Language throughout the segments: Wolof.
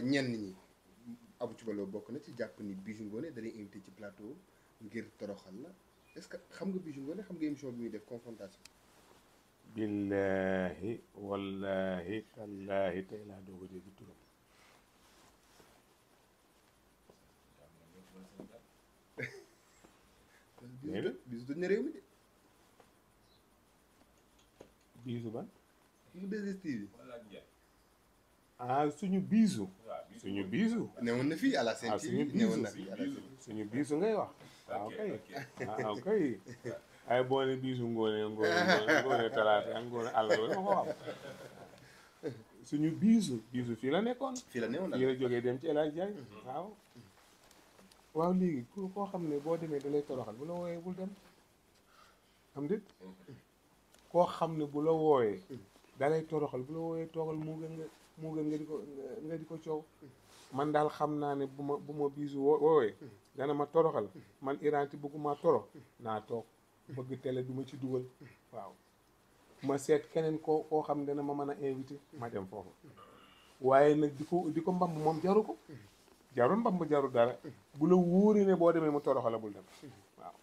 wala ñenn ñi Abou Thioubalo loolu bokk na ci jàpp ni Bijou Ngoné da lay invité ci plateau ngir toroxal la est-ce que xam nga Bijou Ngoné xam nga émission bi muy def suñu bisu. suñu biisu. newoon na fii à la ah, CNT newoon na fii à ngay wax. Ah, ok waaw ah, ay boo ne biisu ngoone ngoone ngoone talaata ngoone fii la nekkoon. fii la newoon fii la jógee dem ci El Hadj Ndiaye koo xam ne boo demee dalay toroxal bu la wooyee bul dem am dit koo xam ne bu la wooyee dalay toroxal bu la wooyee toogal moo gën nga. moo gën nga di ko nga di ko coow man daal xam naa ne bu ma bu ma biisu woowee dana ma toroxal man iranti bëgguma toro naa toog bëgg télé du ma ci dugal waaw ma seet keneen koo koo xam dana ma mën a invité ma dem foofu waaye nag di ko di ko mbamb moom jaru ko jaru mbamb jarul dara bu la wóoree ne boo demee mu toroxala bul dem waaw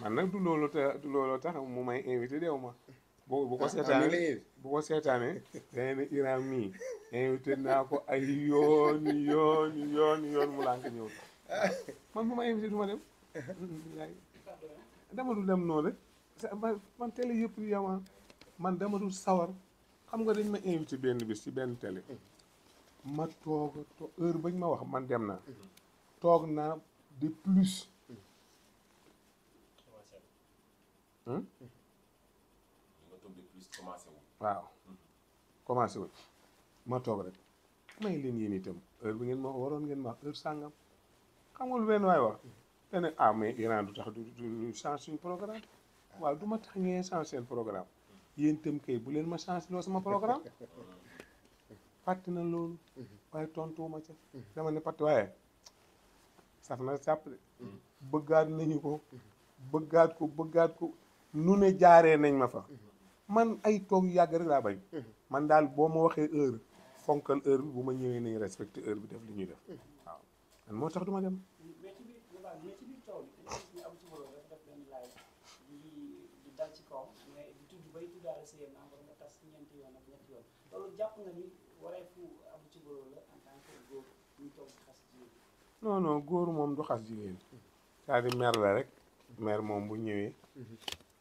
man nag du loolu ta du looloo tax mu may invité deew ma bu bu ko ah, ah, seetaanee bu ko seetaanee dana ne Iran mii invité naa ko ay yoon yoon yoon yoon mu lànk ñëw man bu ma invité du dem dama du dem noonu rek man télé yëpp yow man dama du sawar xam nga dañ ma invité benn bis ci benn télé bañ ma wax man dem naa toog naa de plus hmm? commencé waaw mm-hmm. commencé wul ma toog rek may leen yéen itam heure bi ngeen ma wax waroon ngeen ma wax heure sàngam xam nga lu benn waay wax te ne ah mais Iran du tax du change suñu programme waa du ma tax ngeen change seen programme yéen itam kay bu leen ma change loo sama programme fàtte na loolu mm-hmm. waaye tontuwuma ca dama ne patt waaye saf na sàpp de mm-hmm. bëggaat nañu ko bëggaat ko bëggaat ko nu ne nañ ma fa man ay toog yàgg rek laa bañ. Mm-hmm. man daal boo ma waxee heure fonkal heure bi bu ma ñëwee nañu respecte heure bi def li ñuy def mm-hmm. waaw moo tax du ma dem. non non góor moom du xas jigéen mm-hmm. c'est-à-dire la rek mer moom bu ñëwee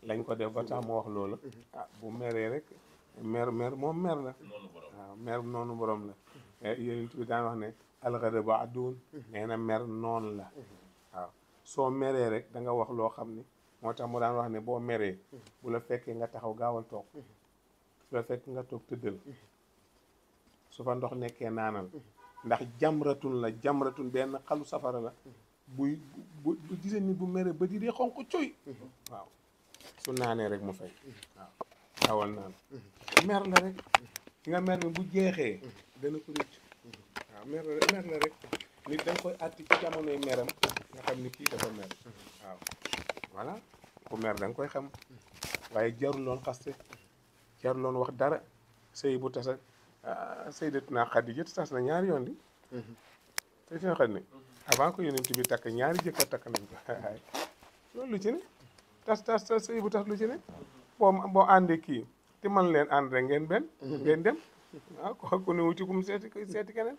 lañ ko def ba tax mu wax loola mhm. ah bu meree rek mer mer moom mer la waaw ah, mer noonu boroom la eh, yonent bi daan wax ne alxadabu adduun mhm. nee na mer noon la mhm. waaw soo meree rek danga wax loo xam ne moo tax mu daan wax ne boo meree bu la fekkee nga taxaw gaawal toog su nga toog fa ndox nekkee naanal ndax jamratun la jamratun benn xalu safara la buy bu gisee nit bu meree ba di dee xonq coy su naanee rek mu fay waaw awal naan nga mer mi bu jeexee dana ko rëcc waaw mer la rek nit da nga koy àtti ci jamonoy meram nga xam ni kii dafa mer waaw voilà ku mer da koy xam waaye jarul loon xaste jarul loon wax dara sëy bu tasa ah, Sayyidatuna Xadija tas na ñaari yoon di te fi nga xam ne avant que yonent bi takk ñaari jëkk takk nañ ko loolu ci ne tas tas tas sëy bu tas lu ci ne boo boo àndee kii te man leen ànd rek ngeen benn ngeen dem ah ku ne wuti kum seeti seeti keneen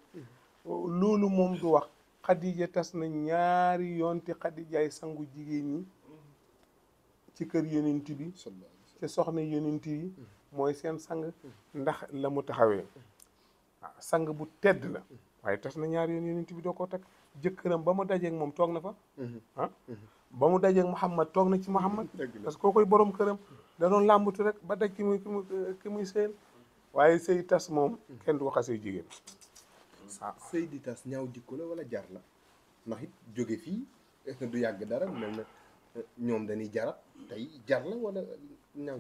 loolu moom du wax xadija tas na ñaari yoon te xadijaay sangu jigéen ñi ci kër yonent bi ci soxna yonent yi mooy seen sang ndax la mu taxawee ah, sang bu tedd la waaye tas na ñaari yoon yonent bi doo ko takk jëkkëram ba mu dajeeg moom toog na fa mm-hmm. Ah? Mm-hmm. ba mu dajeeg Mouhamad toog na ci Mouhamad. parce que koo koy borom këram. da doon rek ba daj ki muy ki muy ki muy seen waaye sëy tas moom kenn du ko xasee jigéen. ah sëy di tas ñaaw jikko la wala jar la ndax it jóge fii du yàgg dara eh, ñoom dañuy jarat tey jar la wala ñaaw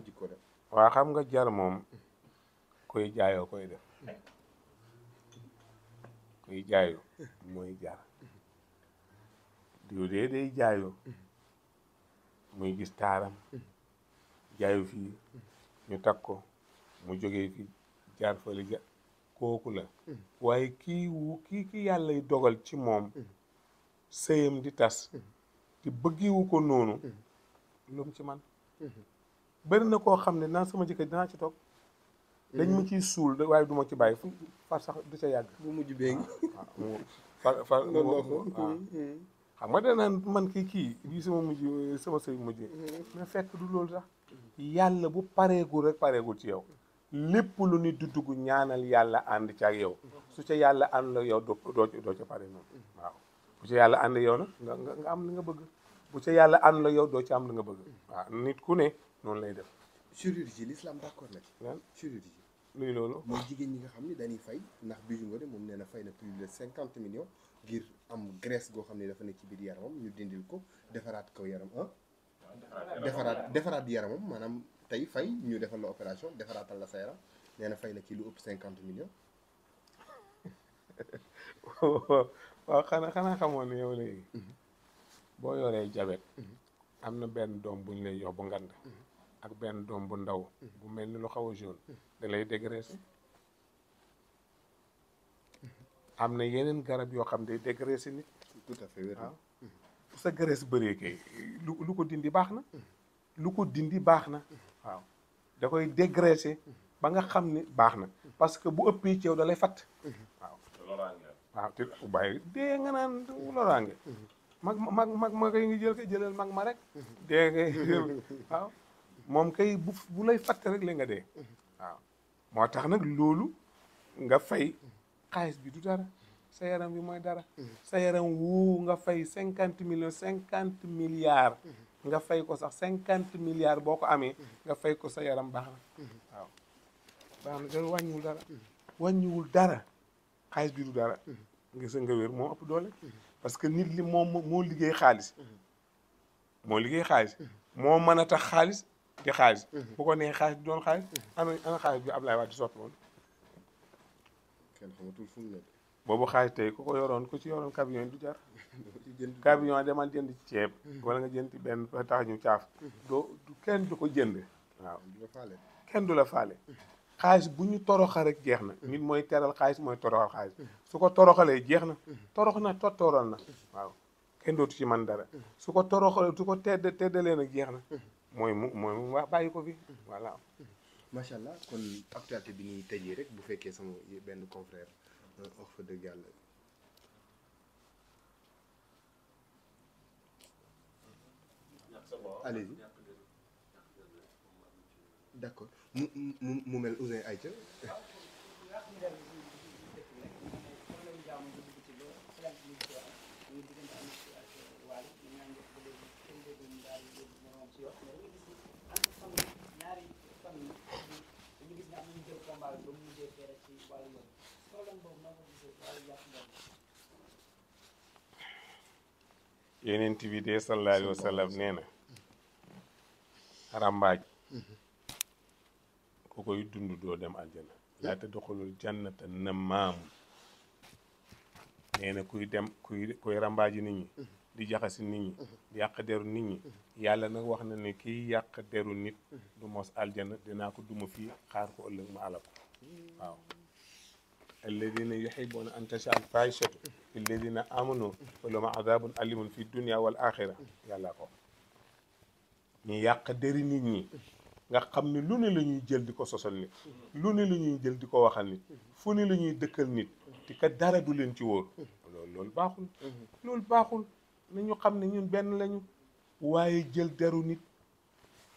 xam nga jar moom koy jaayoo koy def koy jaayoo mooy jar. diw dee day jaayu muy gis taaram jaayu fii ñu takk ko mu jógee fii jaar fële ja kooku la waaye kii wu kii ki yàlla dogal ci moom sëyam di tas te bëggiwu ko noonu lu ci man bëri na koo xam ne naa sama jëkkër dinaa ci toog dañ mu ciy suul waaye duma ci bàyyi fu far sax du ca yàgg bu mujj bee ngi ah, ah, far far xam nga danaan man kii kii bii sama mujj sama sëy mujj mais fekk du loolu sax yàlla bu paree pareegul rek pareegul ci yow lépp lu nit du dugg ñaanal yàlla ànd ci ak yow su ca yàlla ànd la yow doo doo ca pare noonu waaw yàlla ànd yow nag nga nga am li nga bëgg bu ca yàlla ànd la yow doo ci am li nga bëgg waaw nit ku ne noonu lay def chirurgie l'islam d'accord na chirurgie luy loolu mooy jigéen ñi nga xam ne dañuy fay ndax bisu nga de moom nee fay na plus de cinquante millions ngir am graisse goo xam ne dafa nekk ci biir yaramam ñu dindil ko defaraat ko yaram ah. defaraat defaraat yaramam maanaam tey fay ñu defal la opération defaraatal la sa yaram nee fay na ci lu ëpp cinquante millions. waaw xanaa xanaa xamoon ne yow léegi. Mhm. boo yoree jabet. Mhm. am na benn doom bu ñu lay bu ngand. Mhm. ak benn doom bu ndaw. bu mel ni lu xaw a jaune. da am na yeneen garab yoo xam ne day dégraisser nit. tout waaw sa graisse bëree kay lu ko dindi baax na. lu ko dindi baax na. waaw da koy dégraisser ba nga xam ne baax na parce que bu ëppee ci yow da lay fatt. waaw dee nga naan loraange. mag mag mag ma koy ngi jël kay jëlal mag ma rek. moom kay bu bu rek la nga dee. tax nag loolu nga fay. xaalis bi du dara sa yaram bi mooy dara sa yaram wuu nga fay cinquante millions cinquante milliards nga fay ko sax cinquante milliards boo ko amee nga fay ko sa yaram baax na waaw baax na dara wàññiwul dara wàññiwul dara xaalis bi du dara nga sa nga wér doole parce que nit li moom moo liggéey xaalis moo liggéey xaalis moo mën a tax xaalis di xaalis bu ko nee xaalis di doon xaalis ana ana xaalis bi Ablaye Wade di sotti woon kenn xamatul fu mu nekk. boobu xaalis tey ku ko yoroon ko ci yoroon camion yi du jar. camion demal jënd ceeb. wala nga jënd benn tax ñu caaf. doo kenn du ko jënd. waaw kenn du la faale. xaalis bu ñu toroxal rek jeex na. nit mooy teral xaalis mooy toroxal xaalis. su ko toroxalee jeex na. torox na tot toroon na. waaw kenn dootu ci man dara. su ko toroxalee su ko tedd teddalee nag jeex na. mooy mu mooy mu wax bàyyi ko fi voilà. macha allah kon actualité bi ñuy tëjee rek bu fekkee sama benn confrère euh, wax fa dëgg yàlla. allez-y d'accord mu mu mu mel Ouzin Aïcha yeneen bi de sallallahu alayhi wa sallam na ràmbaaj ku koy dund doo dem aljana te doxalul jannata na maamu nee kuy dem kuy kuy ràmbaaji nit ñi di jaxasi nit ñi yàq deru nit ñi yàlla nag wax na ni kiy yàq deru nit du mos aljana dinaa ko duma fii xaar ko ëllëg ma alal ko waaw alladina yuhibuna an tasha al fahishatu lilladina amanu wa lahum adabun alimun fi dunia wal axira yàlla ko ñu yàq dëri nit ñi nga xam ne lu ne la ñuy jël di ko sosal nit lu ne la ñuy jël di ko waxal nit fu ne la ñuy dëkkal nit te kat dara du leen ci wóor loolu baaxul loolu baaxul na ñu xam ne ñun benn lañu waaye jël deru nit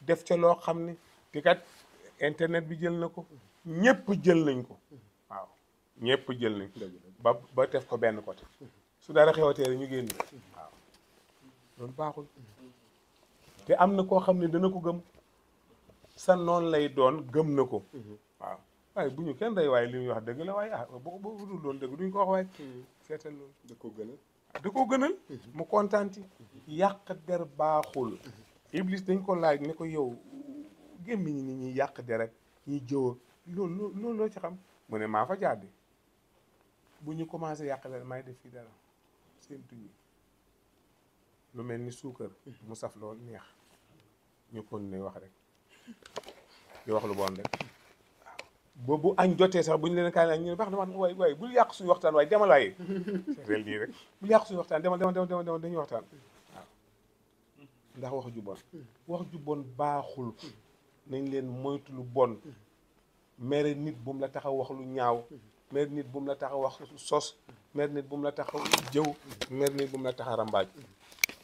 def ca loo xam ne te kat internet bi jël na ko ñépp jël nañ ko ñëpp jël nañ ba ba def ko benn côté su dara xewatee rek ñu génn waaw loolu baaxul te am na koo xam ne dana ko gëm sa noonu lay doon gëm na ko waaw waaye bu ñu kenn day waaye li muy wax dëgg la waaye ah boo bu dul doon dëgg duñ ko wax waaye seetal loolu da koo gënal da koo gënal mu kontaan ci yàq der baaxul iblis dañ ko laaj ne ko yow gémmiñ ni ñuy yàq der ak ñuy jëw loolu loolu loo ci xam mu ne maa fa jàddi bu ñu commencé yàq leen may def fii dara seen tuñ lu mel ni suukar mu saf lool neex ñu continuer wax rek di wax lu bon rek waaw bu añ jotee sax bu ñu leen kaay ñu ne baax na wax waay waay bul yàq suñu waxtaan waaye demal waaye seetal lii rek bul yàq suñu waxtaan demal demal demal demal dañuy waxtaan waaw ndax wax ju bon wax ju bon baaxul nañ leen moytu lu bon mere nit bu mu la taxaw wax lu ñaaw meer nit bu mu la tax a wax sos meer nit bu mu la tax a jëw meer nit bu mu la tax rambaaj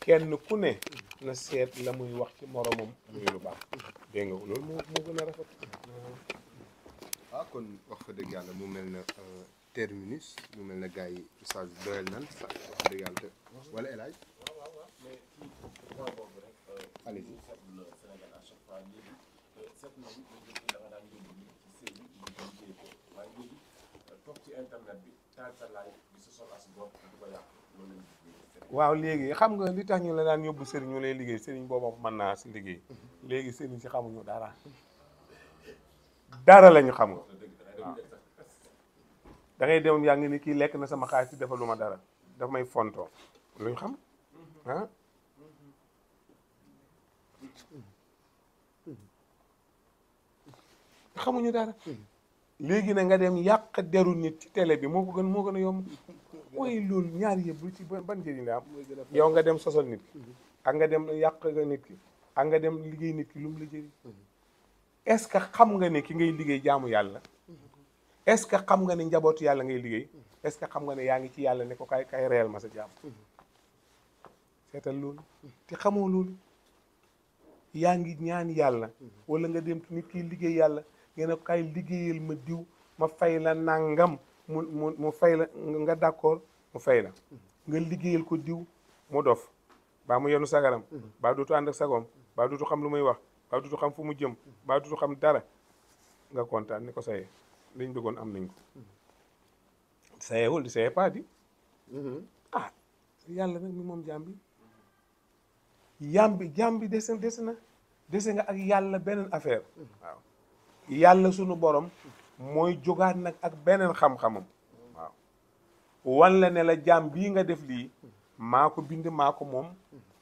kenn ku ne na seet la muy wax ci moromam muy lu baax dégg loolu moo moo gën a rafet ah kon wax fa dëgg yàlla mu mel na euh, terminus mu mel na gars yi oustaz doyal nan wax dëgg yàlla te wala El waaw léegi xam nga li tax ñu la daan yóbbu sëriñ ñu lay liggéey sëriñ booba mën naa si liggéey léegi sëriñ si xamuñu dara dara lañu xam nga dem yaa ngi ni kii lekk na sama xaalis si defal ma dara daf may fonto luñ xam xamuñu dara léegi na nga dem yàq deru nit ci télé bi moo ko gën moo gën a yomb mooy loolu ñaar yëpp lu ci ban njëriñ la am yow nga dem sosal nit ki mhm. ak nga dem yàq nit ki ak nga dem liggéey nit ki lu mu la jëriñ mhm. est-ce que xam nga ne ki ngay liggéey jaamu yàlla mhm. est-ce que xam nga ne njabootu yàlla ngay liggéey est-ce que xam nga ne yaa ngi ci yàlla ne ko kay kay réel ma sa jaam seetal loolu te xamoo loolu yaa ngi ñaan yàlla wala nga dem nit ki liggéey yàlla ngeen ne ko kaay liggéeyal ma diw ma fay la nangam mu mu mu fay la nga d'accord mu fay la nga liggéeyal ko diw mu dof baa mu yenu sagaram baa dootu ànd ak sagoom baa dootu xam lu muy wax baa dootu xam fu mu jëm baa dootu xam dara nga kontaan ni ko sayee lañ bëggoon am nañ ko sayewul di saye pas di mm-hmm. ah yàlla nag mi moom jaam bi yaam bi jaam bi na dese nga ak yàlla beneen affaire mm-hmm. yàlla sunu boroom mooy jógaat nag ak beneen xam-xamam waaw wan la ne la jaam bii nga def lii maa ko bind maa ko moom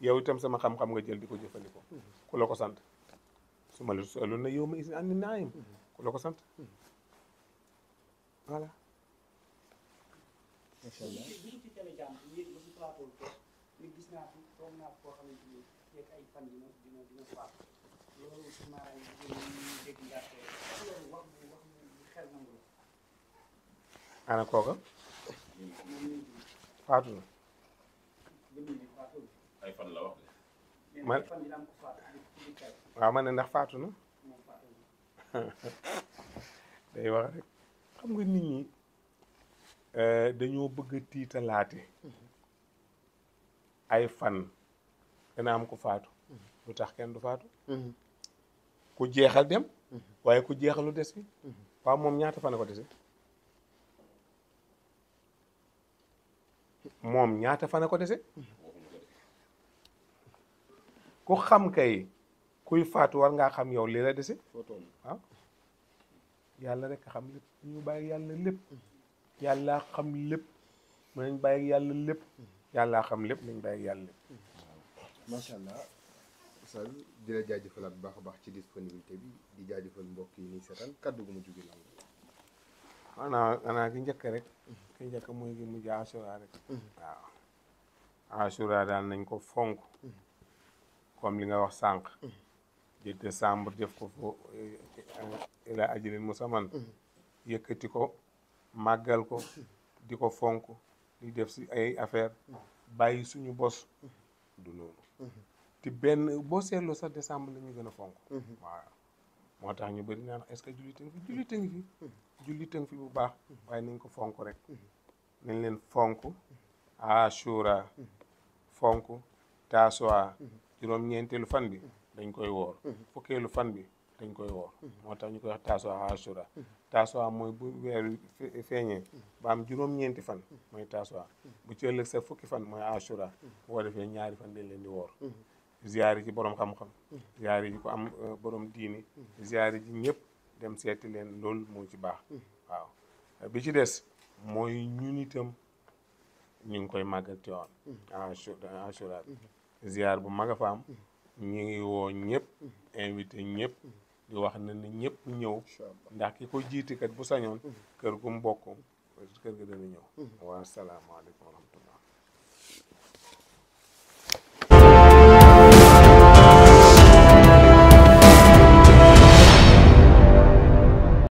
yow itam sama xam-xam nga jël di ko jëfandikoo ku la ko sant su ma la saloon na yow ma is andi naayam ku la ko sant loolu si maanaam jigéen ana kooka. faatu na. man waaw man ndax faatu na. day wax rek xam nga nit ñi eh, dañoo bëgg a tiitalaate mm-hmm. ay fan dana am ko faatu mm-hmm. lu tax kenn du faatu mm-hmm. ku jeexal dem mhm. waaye ku jeexalu des bi waaw mhm. moom ñaata fan a ko dese moom ñaata fan a ko dese ku xam kay kuy faatu war ngaa xam yow lii la dese waaw ah. yàlla rek xam lépp ñu bàyyi yàlla lépp yàlla xam lépp mën nañ bàyyi yàlla lépp yàlla xam lépp nañ bàyyi yàlla lépp mhm. Sall di la jaajëfalaat bu baax a baax ci disponibilité bi di jaajëfal mbokk yi nii seetaan kàddu gu mujj gi lan njëkk rek. njëkk mooy ki mujj asura rek. Mm-hmm. waaw asura daal nañ ko fonk. Mm-hmm. comme li nga wax sànq. Mm-hmm. di décembre def ko fo ila ajalin musamman. yëkkati ko màggal ko di ko fonk di def si ay affaire bàyyi suñu bos du noonu. te benn boo seetloo sax décembre la gën a fonk. Mhm. waaw moo tax ñu bëri naan est-ce que jullit a ngi fi jullit mhm. fi. bu baax. Mhm. waaye nañ ko fonk rek. nañ leen fonk. Ashura. fonk Taasuwa. juróom-ñeenteelu fan bi dañ koy woor. fan bi dañ koy woor. moo tax ñu koy wax Taasuwa Ashura. Taasuwa mooy bu weer feeñee ba ñeenti fan mooy Taasuwa bu ci ëllëg sa fukki fan mooy Ashura boo defee ñaari fan dañ leen di woor. ziyaari ji borom xam-xam mm. ziyaari ji ko am uh, borom diini mm. ziyaari ji ñëpp dem seeti leen lool moo ci baax mm. waaw uh, bi ci des mooy ñun ñu ngi koy màggal Tiwaawan Ashura ziyaar bu mag a fa am ñu ngi woo ñëpp invité ñëpp di wax na ne ñëpp ñëw ndax ki ko jiiti kat bu sañoon kër gu mu kër ga dana ñëw wa